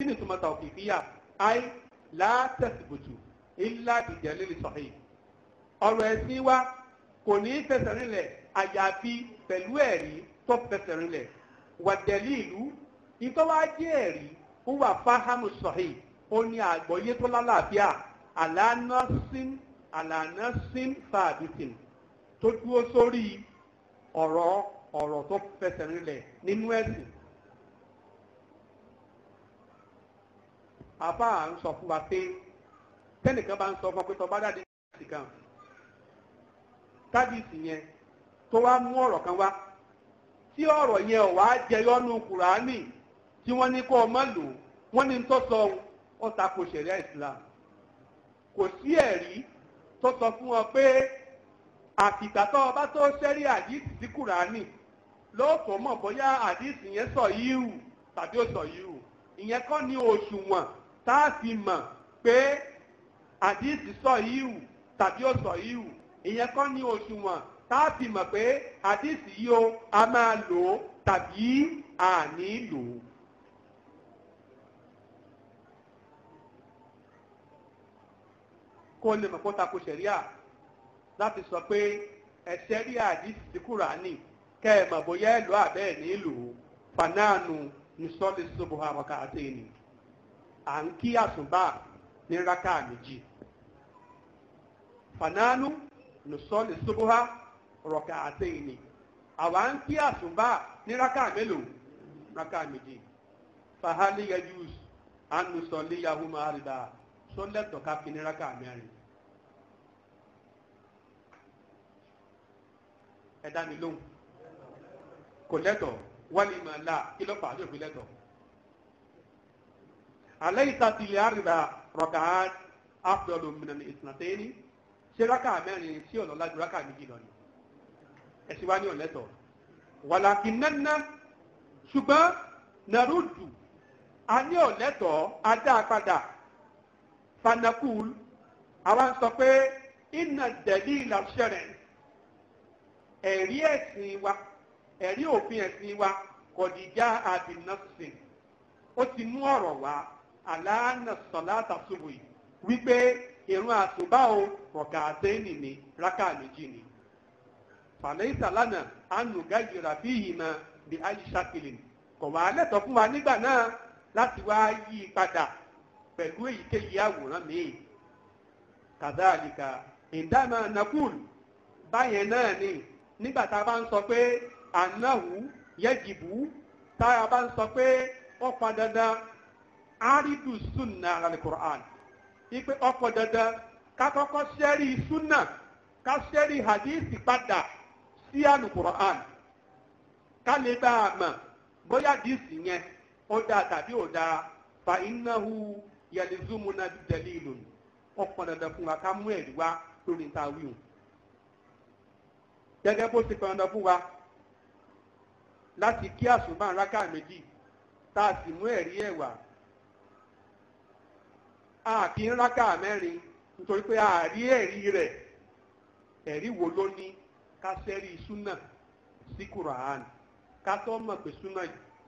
kí ni túmọ̀ tawqifiyya ay la tasbutu illa bi dalil sahih ọ̀rọ̀ ẹ̀sìn wa kò ní fẹsẹ̀ rinlẹ̀ àyàfi pẹ̀lú ẹ̀rí tó fẹsẹ̀ rinlẹ̀ wà dalilu ìtọ́wájú ẹ̀rí ń wà fáhámù sahih ó ní àgbọ́yé tó lálàáfíà àlànàsín àlànàsín fàbìtìn tó dúró sórí ọ̀rọ̀ ọ̀rọ̀ tó fẹsẹ̀ rinlẹ̀ nínú ẹ̀sìn àbá à ń sọ fún wa pé tẹ́nìkan bá ń sọ fún ọ pé tọ́ bá dáadé sí kan tábìsì yẹn tó wá mú ọ̀rọ̀ kan wá tí ọ̀rọ̀ yẹn ò wá jẹyọ́nú kùránì tí wọ́n ní kó o má lò wọ́n ní tó sọ ó ta kò ṣẹ̀ríà Islam kò sí ẹ̀rí tó sọ fún ọ pé àfìgbàtọ́ ọba tó ṣẹ́rí àdìsí sí kùránì lóòótọ́ mọ̀ bóyá àdìsí yẹn sọ yíhù tàbí ó sọ yíhù ìyẹn kọ́ ni òṣùwọ̀n tá a fi mọ̀ pé àdìsí sọ yíwù tàbí ó sọ yíwù ìyẹn kọ́ ní òṣùwọ̀n tá a fi mọ̀ pé àdìsí yìí o a máa lò ó tàbí àní lò ó. kó lè mọ̀ kó tako sẹ̀ríà láti sọ pé ẹ̀sẹ̀ rí àdìsí sí kúránì kẹ́ ẹ̀ mọ̀ bóyá ẹ̀ lò àbẹ́ ní lò ó fanáànù ní sọ́ọ́lì sọ́bù àwọn kàá sí ni. à ń kí àsùnbà ní rákà méjì fanánú nùsọ́lì ṣubúhá rọ̀kà àtẹ̀yìnì àwa ń kí àsùnbà ní rákà mélòó rákà méjì fahali yajus anusọ̀lì yahoo arida sọ́lẹ̀tọ̀ ká fi ní rákà mẹ́rin. ẹ dá mi lóhùn kò lẹ́tọ̀ wálé màlá kí ló fà á lóògùn lẹ́tọ̀. alaysa ti lè àrìbà rọ̀kà àpẹọ̀lù mìíràn ìsìnàtẹ́ ní ṣé rákà mẹ́rin sí ọ̀nà lájú rákà méjì lọ ni ẹ̀sìn wa ní ọ̀lẹ́tọ̀ wàlàkì nánà ṣùgbọ́n nàrúdù a ní ọ̀lẹ́tọ̀ adáapadà fanakul àwa sọ pé iná dẹ̀lí ìlàṣẹ̀rẹ̀ ẹ̀rí ẹ̀sìn wa ẹ̀rí òfin ẹ̀sìn wa kọ̀dìjà àbìnàṣìn ó ti mú ọ̀rọ̀ wá àlànà sọ̀láta ṣubú yìí wípé ìrun àsùbá o ọ̀gá àtẹ́yìn ni rákà méjì ni. fàlẹ́yìísà lánàá ànúgá ìjọra bí ìhìnà bí aishakili kò wá lẹ́tọ̀ọ́ fún wa nígbà náà láti wá yí i padà pẹ̀lú èyíkéyìí àwòrán míì. kàdáàlìkà ìdámà nakul báyẹn náà ni nígbà tá a bá ń sọ pé ànáhù yẹ́jìbù tá a bá ń sọ pé ó pa dandan árídù sunna alàlẹ́ Qur'an ipe ọ̀pọ̀ dandan ká kọ́kọ́ suna súnà ká ṣẹ́rí hadithi padà sí àlù Qur'an ka lè bá a mọ̀ bóyá hadithi yẹn ó dáa tàbí ò dáa fa ináhu yẹlizumuna dalilun ọ̀pọ̀ dandan fún wa ká mú ẹ̀rí wá lórí níta wíwù gẹ́gẹ́ bó ti fún wa láti kí méjì tá a sì mú ẹ̀rí ẹ̀wà a ńláka mẹ́rin nítorí pé àárí ẹ̀rí rẹ̀ ẹ̀rí wo ló ní ká súnà sí Quran ká mọ̀ pé súnà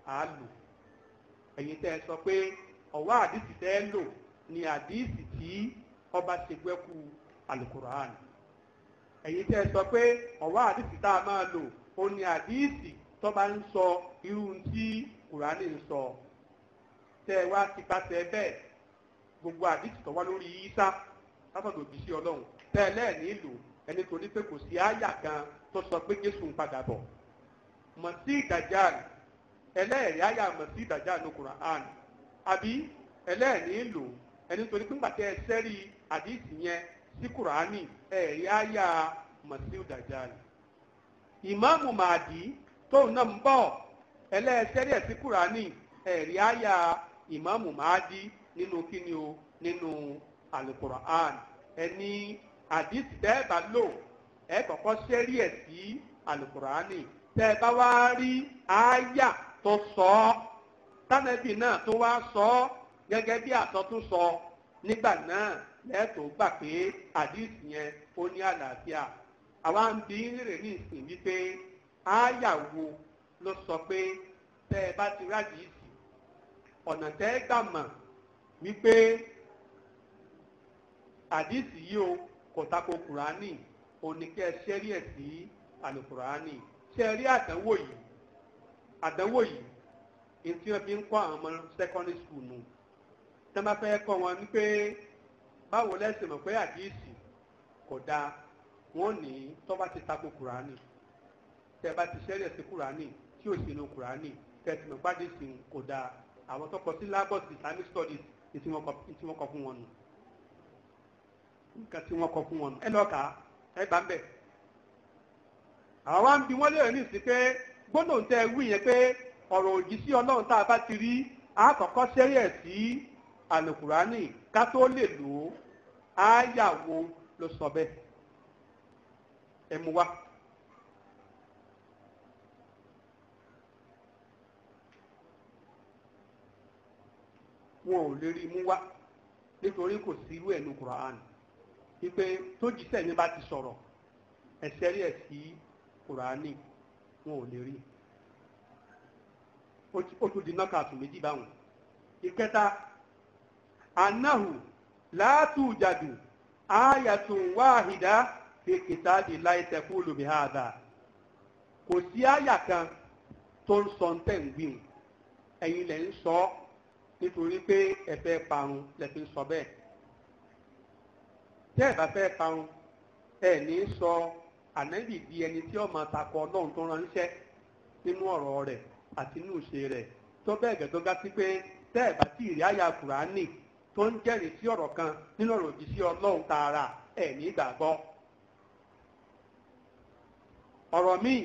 á lò ẹ̀yin tẹ́ sọ pé àdìsí tẹ́ ẹ lò ni àdìsí tí ọba ṣègbẹ́kù alukuran ẹ̀yin tẹ́ ẹ sọ pé ọ̀wá àdìsí tá a máa lò ó ní àdìsí tó ń sọ irú tí Kùránì ń sọ tẹ́ gbogbo àdìsí tó wá lórí isa látọ̀dọ̀ òbí sí ọlọ́run tẹ́lẹ̀ nílò ẹni torí pé kò sí àyà kan tó sọ pé jésù ń padà bọ̀ mọ̀sí ìdàjáàlì ẹlẹ́ẹ̀rí àyà mọ̀sí ìdàjáàlì ní Qur'an àbí ẹlẹ́ẹ̀rí nílò ẹni torí pé ńgbà tẹ́ ẹ sẹ́rí àdìsí yẹn sí Qur'ani ẹ̀rí àyà mọ̀sí ìdàjáàlì ìmáàmù màdí tóun náà ń bọ̀ ẹlẹ́ẹ̀sẹ́rí ẹ̀ sí ẹ̀rí àyà ìmáàmù màdí nínú kíni o nínú alukur'an ẹni àdìsí tẹ́ ẹ bá lò ẹ kọ́kọ́ ṣẹ́rí ẹ̀ sí alukur'ani tẹ́ ẹ bá wá rí àáyà tó sọ ọ́ tánẹ́bì náà tó wá sọ ọ́ gẹ́gẹ́ bí àtọ́tún sọ nígbà náà lẹ́ẹ̀tọ́ gbà pé àdìsí yẹn ó ní àlàáfíà àwa ń bi rèrè ní ìsìn wípé àáyà wo ló sọ pé tẹ́ ẹ bá ti rájì ìsìn ọ̀nà tẹ́ ẹ gbà mọ̀ wípé àdìsí yìí o kò tako kùránì oníkẹ́ ṣẹ́rí ẹ̀ sí àlùkùránì ṣẹ́rí àdánwò yìí àdánwò yìí èyí tí wọ́n fi ń kọ́ àwọn ọmọ secondary school nù tí wọ́n bá fẹ́ kọ́ wọn wípé báwo lẹ́sìn mọ̀ pé àdìsí kò dáa wọ́n ní tó bá ti tako kùránì tẹ́ bá ti ṣẹ́rí ẹ̀ sí kùránì tí ò sínú kùránì tẹ́ ti kò dáa àwọn tó sí Lagos Islamic Studies tí wọ́n kọ fún wọn nù nǹkan tí wọ́n kọ fún wọn nù ẹ lọ́ọ̀ka ẹ gbà ń bẹ̀. àwa ń bi wọ́n lérò ní ìsìn pé gbọ́dọ̀ tẹ wí yẹn pé ọ̀rọ̀ òjì sí ọlọ́run tá a bá ti rí a kọ́kọ́ sẹ́rí ẹ̀ sí àlùkùránì ká tó lè lò ó á yà wo ló sọ bẹ́ẹ̀ ẹ mú wa. wọn ò lè rí mú wá nítorí kò sí irú ẹ̀nu Quran wípé tó ní bá ti sọ̀rọ̀ ẹ̀sẹ̀ rí ẹ̀ sí Qurani wọn ò lè rí ó tún di anahu látùjàdù ayatun wahida fi kitabillahi taqulu kò sí àyà kan tó ń sọ ń tẹ̀ ń gbìn ẹ̀yin nítorí pé ẹ fẹ́ parun lẹ fi ń sọ bẹ́ẹ̀ tẹ́ ẹ bá fẹ́ parun ẹ ní sọ ànábì di ẹni tí ó máa takò ọlọ́run tó ránṣẹ́ nínú ọ̀rọ̀ rẹ̀ àti inú ìṣe rẹ̀ tó bẹ́ẹ̀ gẹ́gẹ́ gá sí pé tẹ́ ẹ bá tí ìrí àyà kùránì tó ń jẹ́rìí sí ọ̀rọ̀ kan nínú ọ̀rọ̀ òjì sí ọlọ́run tààrà ẹ ní gbàgbọ́ ọ̀rọ̀ míì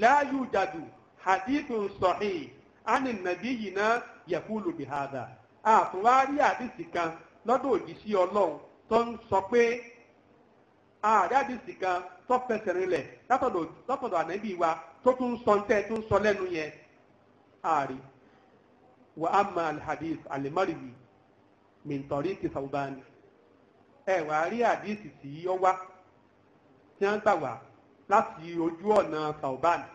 láàyè ìjàdù hadithun sahih ani nàbí yìí náà yẹ̀kúlù bí hàdà àtúwárí àdìsí kan lọ́dọ̀ òjíṣẹ́ ọlọ́run tó ń sọ pé ààrẹ àdìsí kan tó fẹsẹ̀ rinlẹ̀ látọ̀dọ̀ ànábì wa tó tún sọ ń tẹ́ tó ń sọ lẹ́nu yẹn ààrẹ wà á ma alhadis alimariwi mintori ti saubani ẹ wà á rí àdìsí tí ó wá tí wọ́n gbà wá láti ojú ọ̀nà saubani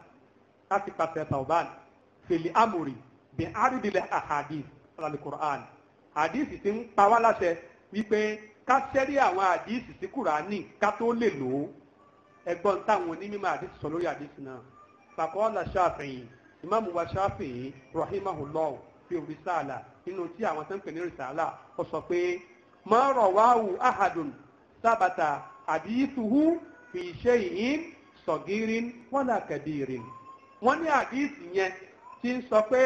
láti pàṣẹ saubani fèlè amòrì bí àrídìlẹ̀ àhàdìs alukur'an àdìsì ti ń pa wá láṣẹ wípé ká sẹ́rí àwọn àdìsì sí kùránì ká tó lè lò ó ẹgbọ́n táwọn onímọ̀ àdìsì sọ lórí àdìsì náà pàkọ́ọ́lá ṣáfìyìn ìmáàmù wa ṣáfìyìn rahimahullah fi rìsáàlà nínú tí àwọn tó ń pè ní rìsáàlà ó sọ pé mọ́rọ̀ wáhù ahadùn sábàtà àdìsùhù fi ṣe ìyín sọ̀gírin wọ́n là kẹ̀dìrín ní àdìsì yẹn tí ń sọ pé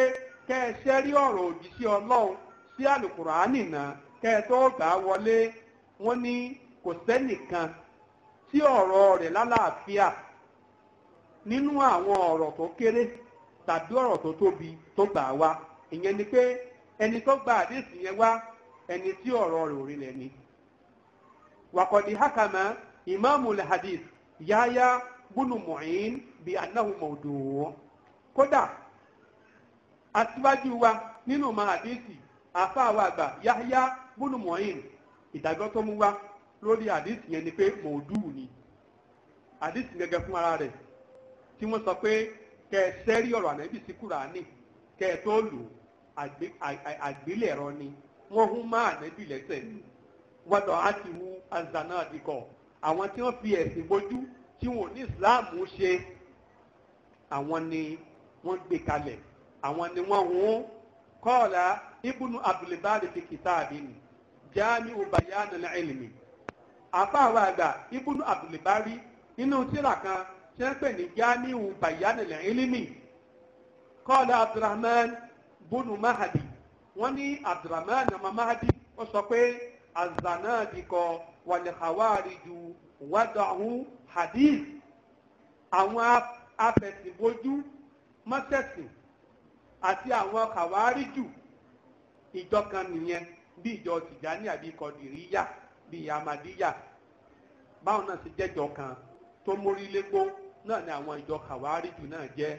kẹ́ ẹ ṣẹ́rí ọ̀rọ̀ òjíṣẹ́ ọlọ́run sí àlùkùránì náà kẹ́ ẹ tó gbà á wọlé wọ́n ní kò sẹ́nìkan tí ọ̀rọ̀ rẹ̀ lálàáfíà nínú àwọn ọ̀rọ̀ tó kéré tàbí ọ̀rọ̀ tó tóbi tó gbà wá ìyẹn ni pé ẹni tó gba àdéhùn yẹn wá ẹni tí ọ̀rọ̀ rẹ̀ orí lẹ̀ ni. wàkọ̀dí hákàmá ìmáàmù hadith yáyá bíi kódà aṣíwájú wa nínú ọmọ àdéhìsì àfáàwọ̀ àgbà yáyá búnùmọ̀ọ́yìn ìdájọ́ tó mú wa lórí àdéhìsì yẹn ni pé mọ̀ọ́dúù ni àdéhìsì gẹ́gẹ́ fún ara rẹ̀ tí wọ́n sọ pé kẹ́ ẹ sẹ́rí ọ̀rọ̀ ànábì sí kúránì kẹ́ ẹ tó lò àgbélẹ̀rọ ni wọ́n hún má ànábì lẹ́sẹ̀ ni wọ́dọ̀ á ti hu azana àdìkọ̀ àwọn tí wọ́n fi ẹ̀sìn bójú tí wọn ní ìsìláàmù ṣe àwọn ni wọ́n gbé kalẹ̀ àwọn ni wọ́n hún kọ́ọ̀lá ibùnú abdulbari fi kìtàbí ni jáàmì ubayana ní ilmi àfáàwọ̀ àgbà ibùnú abdulbari nínú tírà kan tí wọ́n pè ní jáàmì ubayana ní ilmi kọ́ọ̀lá abdulrahman bùnú mahadi wọ́n ní abdulrahman ọmọ mahadi ó sọ pé azanadikọ wàlẹ̀kàwárìjù wàdàhùn hadith àwọn afẹ̀sìnbójú mọ́sẹ̀sìn àti àwọn kàwáríjù ìjọ kan nìyẹn bí ìjọ tìjání àbí kọdìríyà bí amadíyà báwọn náà ṣe jẹ́jọ kan tó mórí légbó náà ni àwọn ìjọ kàwáríjù náà jẹ́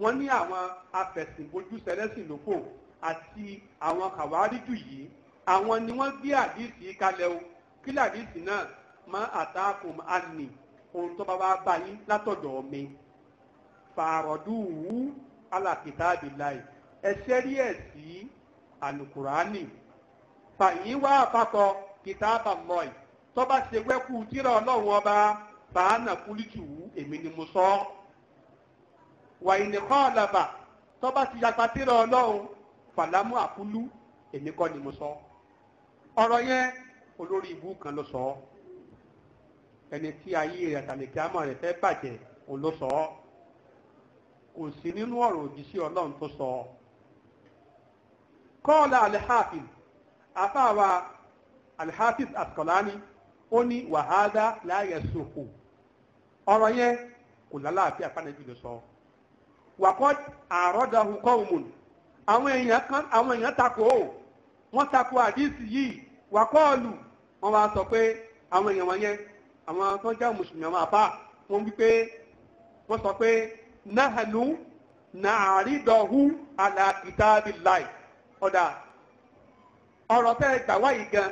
wọ́n ní àwọn afẹ̀sìnbójú sẹlẹ́sìn lóko àti àwọn kàwáríjù yìí àwọn ni wọ́n gbé àdìsí kalẹ̀ o kí làdìsí náà máa àtàkùn àní ohun tó bá wá bá yín mi fàrọ̀dù wù alàkìtàbí láì ẹsẹ̀ rí ẹ̀ alukurani fàyín wá àpapọ̀ kìtàbà lọ́ì tọ́ba ṣe wẹ́kú tíra ọlọ́run ọba fàánà kúlítùwù èmi ni mo sọ ọ́ wàyìnìkọ́ ọ̀làbà tọ́ba ti yapa tíra ọlọ́run fàlámù àkúlú èmi kọ́ ni mo sọ ọ̀rọ̀ yẹn olórí ìbú kan ló sọ ẹni tí ayé rẹ̀ àtàlẹ̀kẹ́ àmọ́ rẹ̀ fẹ́ bàjẹ́ òun ló sọ ọ́. kò sí nínú ọ̀rọ̀ òjíṣẹ́ ọlọ́run tó sọ kọ́ọ̀lá alhafiz afáwa alhafiz askolani ó ní wàhálà láyé sòkò ọ̀rọ̀ yẹn kò lálàáfíà fánẹ́bí ló sọ wàkọ́ àrọ́dàhùn kọ́ọ̀mùn àwọn èèyàn takò ó wọ́n takò àdísì yìí wàkọ́ọ̀lù wọ́n wá sọ pé àwọn èèyàn wọ̀nyẹn àwọn tó jẹ́ mùsùlùmí àwọn wọ́n nahanu nàárídọ̀hún na kitabillahi ọ̀dà ọ̀rọ̀ tẹ́ ẹ gbà wáyé gan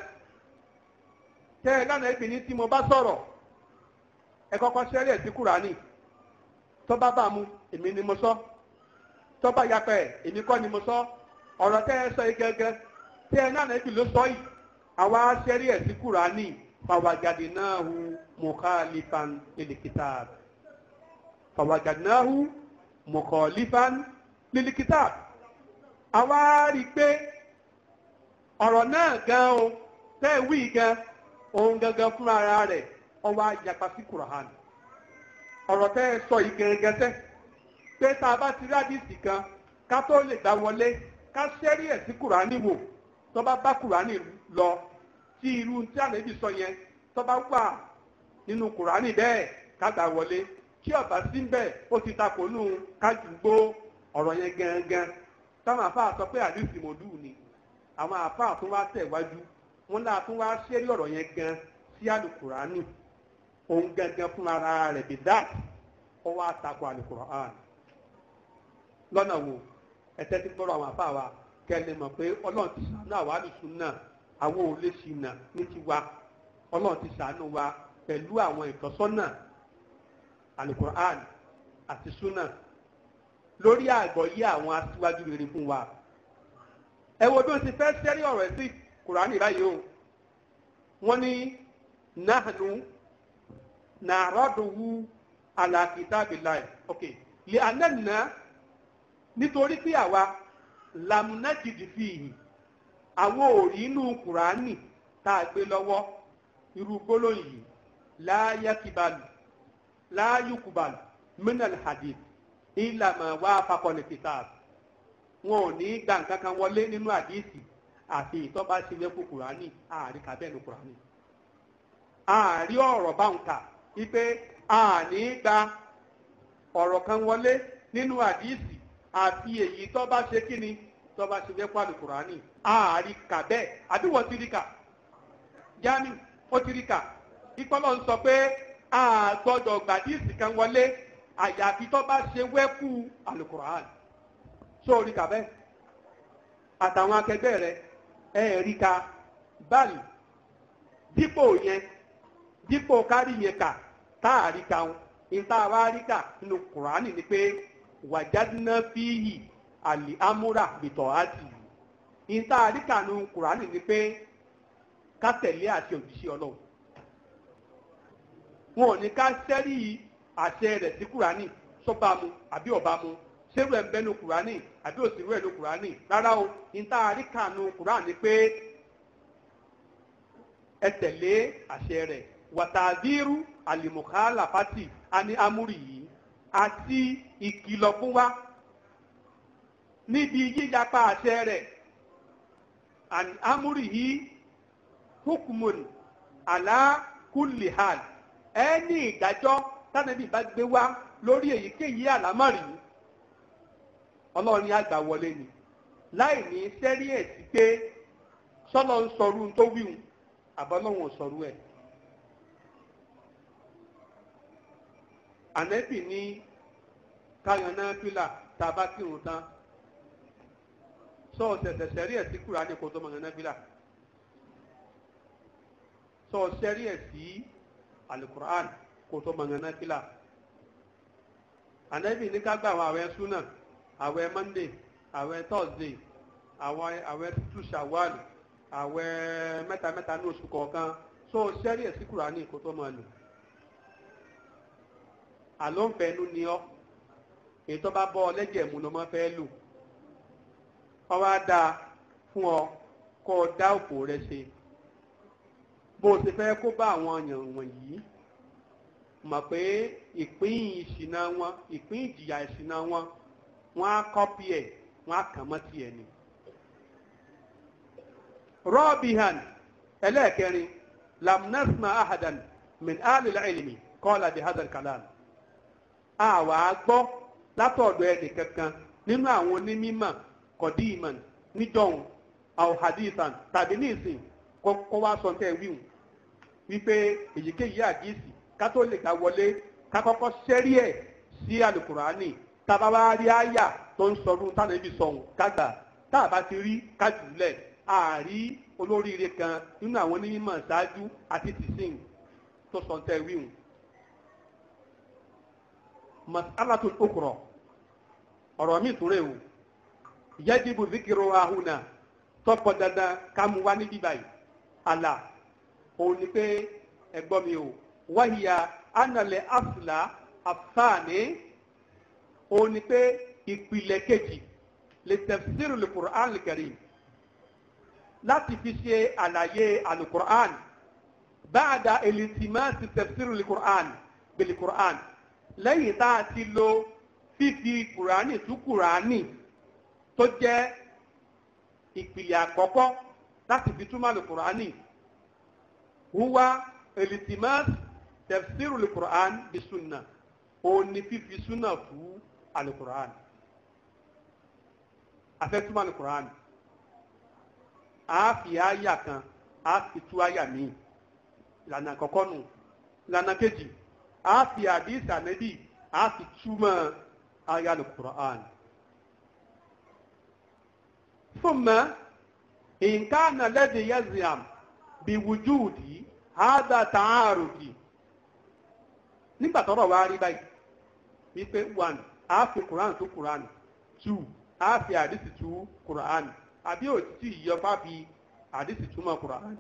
tẹ́ ẹ lánàá ìbìnrin tí mo bá sọrọ ẹ kọ́kọ́ ṣẹ́rí ẹ̀ sí kúránì tó bá bá mu èmi ni mo sọ tó bá èmi kọ́ ni mo sọ ọ̀rọ̀ tẹ́ ẹ sọ yìí gẹ́gẹ́ tẹ́ ẹ lánàá ló sọ yìí àwa sí kúránì náà hu fàwàgànáhù mọ̀kànlífán lílíkítà àwa rí i pé ọ̀rọ̀ náà gan o tẹ́ ẹ̀ wí gan òun gangan fúnra ara rẹ̀ ọwọ́ àjàpá sí kùrọ̀hán ọ̀rọ̀ tẹ́ ẹ sọ yìí gangan tẹ́ pé tá a bá ti rí àdìsí kan ká tó lè gbà wọlé ká ṣẹ́rí ẹ̀ sí kùránì wò tó bá bá kùránì lọ tí irú tí àlejò sọ yẹn tó bá wà nínú kùránì bẹ́ẹ̀ ká gbà wọlé kí ọ̀bá síbẹ̀ ó ti takò nù kájúgbó ọ̀rọ̀ yẹn gangan táwọn àfáà sọ pé àdìsí mòdù ni àwọn àfáà tó wá tẹ̀wájú wọn náà tún wá ṣẹ́rí ọ̀rọ̀ yẹn gan sí àlùkùránì òun gangan fún ara rẹ̀ bí dáàt ó wá takò àlùkùránì lọ́nà wo ẹ̀tẹ́ ti gbọ́rọ̀ àwọn àfáà wa kẹ́lẹ́ mọ̀ pé ọlọ́run ti ṣàánú àwa àlùsùn náà àwọn ò lè ṣìnà ní tiwa ọlọ́run ti ṣàánú wa pẹ̀lú àwọn ìtọ́sọ́nà alukur'an àti sunna lórí àgbọ́yé àwọn aṣíwájú rere fún wa ẹ wo bí wọ́n ti fẹ́ sẹ́rí ọ̀rọ̀ sí kùránì báyìí o wọ́n ní nahnu nàrọ́dùnwú alakitabilayi ok lè anẹ́nà nítorí pé àwa lamunajidi fi yìí àwọn òrí inú kùránì tá a gbé lọ́wọ́ irú gbólóhùn yìí láyé kíbalù la yukubal minal hadith ìlànà wa fakọlẹ̀ kitab wọn ò ní gbà nǹkan kan wọlé nínú àdìsí àfi ìtọ́ba ṣe lẹ́kùn kùránì ààrí kàbẹ́ẹ̀lú kùránì ààrí ọ̀rọ̀ bá ń kà wípé àní gba ọ̀rọ̀ kan wọlé nínú àdìsí àfi èyí tọ́ba ṣe kíni tọ́ba ṣe lẹ́kùn àlùkùránì ààrí kàbẹ́ẹ̀ àbí wọ́n ti rí kà jámi ó ti rí kà ìpọ́lọ́ sọ pé a gbọ́dọ̀ gbàdíìsì kan wọlé àyàfi tó bá ṣe wẹ́kú alukur'an so rí ka bẹ́ẹ̀ àtàwọn akẹgbẹ́ rẹ ẹ rí ka báyìí dípò yẹn dípò kárí yẹn kà tá ka wọn ìta rí ka nínú kur'an ni pé wàjádínà fíhì àlì amúra bìtọ̀ àti ìta rí ka nínú kur'an ni pé ká tẹ̀lé àti òjíṣẹ́ ọlọ́run. wọn ò ní ká sẹ́rí àṣẹ rẹ̀ sí kùránì sọ́ba mu àbí ọ̀ba mu ṣerú ẹ̀ ń bẹ́nu kùránì àbí òsìrú ẹ̀ nu kùránì rárá o níta àríkànú kùránì pé ẹ tẹ̀lé àṣẹ rẹ̀ wàtàdírú àlìmùkálà pátì àní amúrì yìí àti ìkìlọ̀ fún wa níbi yíyapa àṣẹ rẹ̀ àní amúrì yìí ẹni ìdájọ́ tánàbí bá gbé wá lórí èyíkéyìí àlámọ̀rí ọlọ́run ní àgbà wọlé ni láì ní sẹ́rí ẹ̀ sí pé sọ́lọ́ ń sọrú tó wíhun àbọ́lọ́hún ò sọrú ẹ̀. ànẹ́bì ní káyọ̀ náà pílà tá a bá kírun tán sọ ọ̀sẹ̀sẹ̀ sẹ́rí ẹ̀ sí Kùránì kó tó mọ̀ náà pílà sọ ọ̀sẹ̀rí ẹ̀ sí alukur'an kó tó mọ̀ yẹn náfìlà ànábì ní ká gba àwọn àwẹ̀ súnà àwẹ̀ monday àwẹ̀ thursday àwọn àwẹ̀ tútù ṣàwálì àwẹ̀ mẹ́tamẹ́ta ní oṣù kọ̀ọ̀kan so sẹ́rí ẹ̀sìn kùránì kó tó mọ̀ lò àló ń fẹnu ni ọ́ èyí tó bá bọ́ ọ lẹ́jẹ̀ mú ló mọ́ fẹ́ lò ọ wá dáa fún ọ kó o dá òkò rẹ ṣe bó o ti fẹ́ kó bá àwọn èèyàn wọ̀nyí mọ̀ pé ìpín ìṣìnà wọn ìpín ìjìyà ìṣìnà wọn wọn á kọ́pì ẹ̀ wọn á kàn mọ́ tiẹ̀ ni. rọ́ọ̀bìhàn ẹlẹ́ẹ̀kẹrin lamnasma ahadan min alil ilmi kọ́ọ̀lá di hadal kalam. àwa gbọ́ látọ̀dọ̀ ẹnì kankan nínú àwọn onímọ̀ kọ̀díìmọ̀ níjọ́hun àwọn hadithan tàbí ní ìsìn kó wá sọ tẹ́ wípé èyíkéyìí àdíìsì ká tó lè ká wọlé ká kọ́kọ́ sẹ́rí ẹ̀ sí àlùkùránì tábà wá rí àyà tó ń sọrú táwọn ibi sọ̀hún kágbà tá a bá ti rí ká jùlẹ̀ àárí olóríire kan nínú àwọn onímọ̀ ṣáájú àti tìsín tó sọ tẹ́ wíhùn. masalatu okoro ọ̀rọ̀ mi tún o yẹ́jìbù zikiru ahuna tọ́pọ̀ dandan ká mu wá ní bíbáyìí àlà òun ni pé ẹ̀gbọ́n mi ò wáyà ánàlẹ̀ àfìlà àfààní òun ni pé ìpìlẹ̀ kejì lè tafsiru al-Qur'an al-Karim láti fi ṣe àlàyé al-Qur'an báàdà elitimasi tafsiru al-Qur'an bil-Qur'an lẹ́yìn tá a ti lo fífi kùránì tú kùránì tó jẹ́ ìpìlẹ̀ àkọ́kọ́ láti fi túmọ̀ al-Qur'ani huwa elitimas tafsiru alukur'an bi sunna òun ni fífi sunna fún alukur'an afẹ́túmọ̀ alukur'an a fi àyà kan a fi tú àyà míì lànà àkọ́kọ́ nù lànà kejì a fi àdìs ànẹ́bì a fi túmọ̀ àyà alukur'an. ثم إن كان الذي يزعم بوجوده àádá tààrùdì nígbà tọ́rọ̀ wá rí báyìí wípé one a fi quran tó quran two a fi àdìsí tún quran àbí òtítì ìyọpá fi àdìsí túmọ̀ quran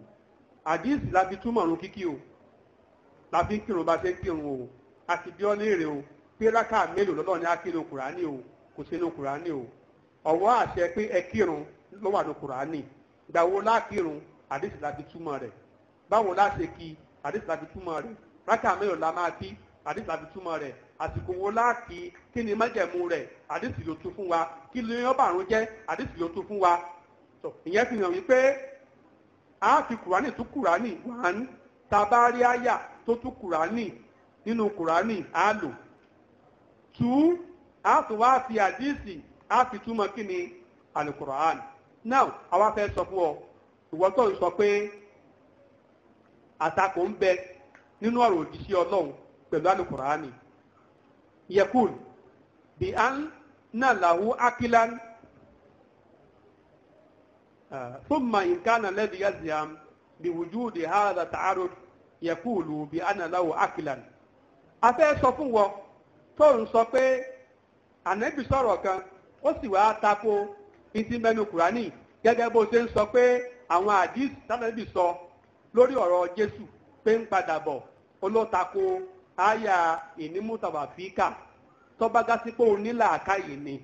àdìsí la túmọ̀ ọ̀run kíkí o la fi ń kírun bá ṣe ń kírun o àti bí ọ́ léèrè o pé rákà mélòó lọ́dọ̀ ni a kí nu quran o kò sínú quran o ọ̀wọ́ àṣẹ pé ẹ kírun ló wà ní kùránì lákírun àdìsí láti túmọ̀ rẹ̀ báwọn láṣẹ kí àdìsí láti túmọ̀ rẹ̀ rákà mélòó la máa kí àdìsí láti túmọ̀ rẹ̀ àsìkò wo láàkì kí ni májẹ̀mú rẹ̀ àdìsí ló tún fún wa kí ló yán bàrún jẹ́ àdìsí ló tún fún wa ìyẹn fi hàn wípé a fi kùránì tún kùránì wàn tabari àyà tó tún kùránì nínú kùránì á lò tú a tún wá fi àdìsí a fi túmọ̀ kí ni alukur'an now àwa fẹ́ sọ fún ọ ìwọ tó ń sọ pé atakò ńbẹ nínú ọrọ òdìsí ọlọrun pẹlú alukurani yakun bi an na lahu akilan fúnma nkánà lẹbi yaziam bi wuju di hada taaro yakulu bi an na lahu akilan afẹ sọ fún wọn tóun sọ pé anabi sọrọ kan ó sì wá atakò isi mẹnu kurani gẹgẹ bó ṣe ń sọ pé àwọn àdìs sọ. lórí ọ̀rọ̀ Jésù pé ń padà bọ̀ olótako àyà ìnímùtàwàfíkà tọ́bágásípò onílàákàyè ni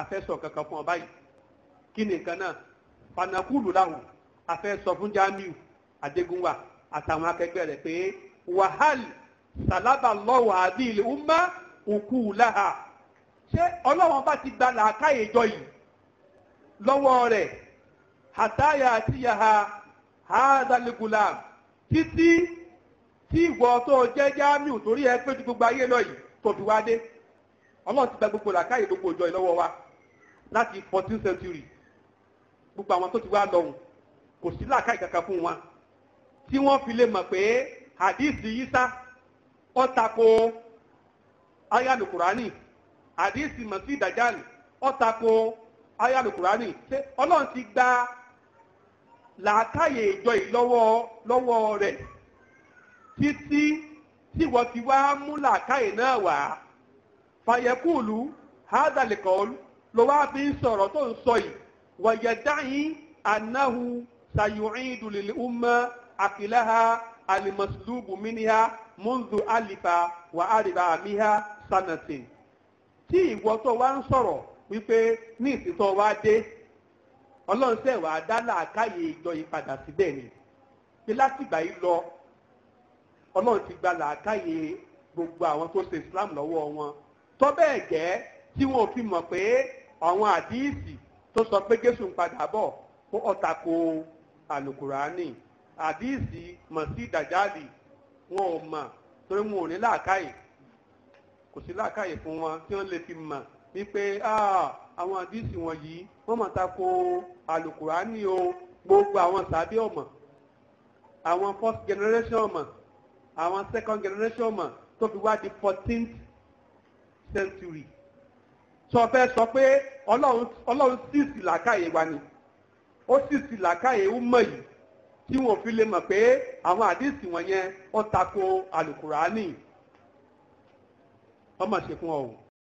àfẹ́sọ̀ kankan fún ọ báyìí kí ni nǹkan náà panakulu làwọn àfẹ́sọ fún Jamiu Adégúnwà àtàwọn akẹgbẹ́ rẹ̀ pé wàhálì sàlábà lọ́wọ́ àbí ilé umma òkú láha ṣé ọlọ́wọ́n bá ti gba làákàyè jọ yìí lọ́wọ́ rẹ̀ àtàyà àti yàhà. hádàlígùlàm títí tí ìwọ tó jẹ́ jámíù torí ẹ pé ju gbogbo ayé lọ yìí tó fi wá dé ọlọ́run ti gba gbogbo làkàyè gbogbo òjò ìlọ́wọ́ wa láti fourteen century gbogbo àwọn tó ti wá lọ́hùn kò sí làkàyè kankan fún wa tí wọ́n fi lè mọ̀ pé hadith yísà ó tako ayanu kurani hadith masi dajali ó tako ayanu kurani ọlọ́run ti gba làákàyè ìjọ ìlọ́wọ́ lọ́wọ́ rẹ̀ títí tí wọ́n ti wá mú làákàyè náà wá fàyẹ̀kùlù hádàlìkọ́lù ló wá fi ń sọ̀rọ̀ tó ń sọ yìí wàyẹ̀dáyìn anahu sayu'in dùlìlì umma akilaha alimasulubu miniha mundu alifa wa ariba amiha sanatin tí ìwọ tó wá ń sọ̀rọ̀ wípé ní ìsìtọ́ wá dé ọlọ́run tẹ̀ wá dá làákàyè ìjọ yìí padà síbẹ̀ ni pé látìgbà yìí lọ ọlọ́run ti gba làákàyè gbogbo àwọn tó ṣe islam lọ́wọ́ wọn tó bẹ́ẹ̀ gẹ́ tí wọn ò fi mọ̀ pé àwọn àdíìsì tó sọ pé jésù ń padà bọ̀ kó ọ̀tàkò àlùkùránì àdíìsì mọ̀ sí dàjáàlì wọn ò mọ̀ torí wọn ò ní làákàyè kò sí làákàyè fún wọn tí wọ́n lè fi mọ̀ wípé ah àwọn àdìsí wọ̀nyí wọ́n mọ̀ ta ko àlùkùránì o gbogbo àwọn sàbí ọ̀mọ̀ àwọn first generation ọ̀mọ̀ àwọn second generation ọ̀mọ̀ tó fi wá di fourteenth century sọ fẹ́ sọ pé ọlọ́run sísì làákàyè wa ni ó sísì làákàyè ó mọ̀ yìí tí wọn fi lè mọ̀ pé àwọn àdìsí wọ̀nyẹn ó ta ko àlùkùránì ọmọ ṣe fún ọ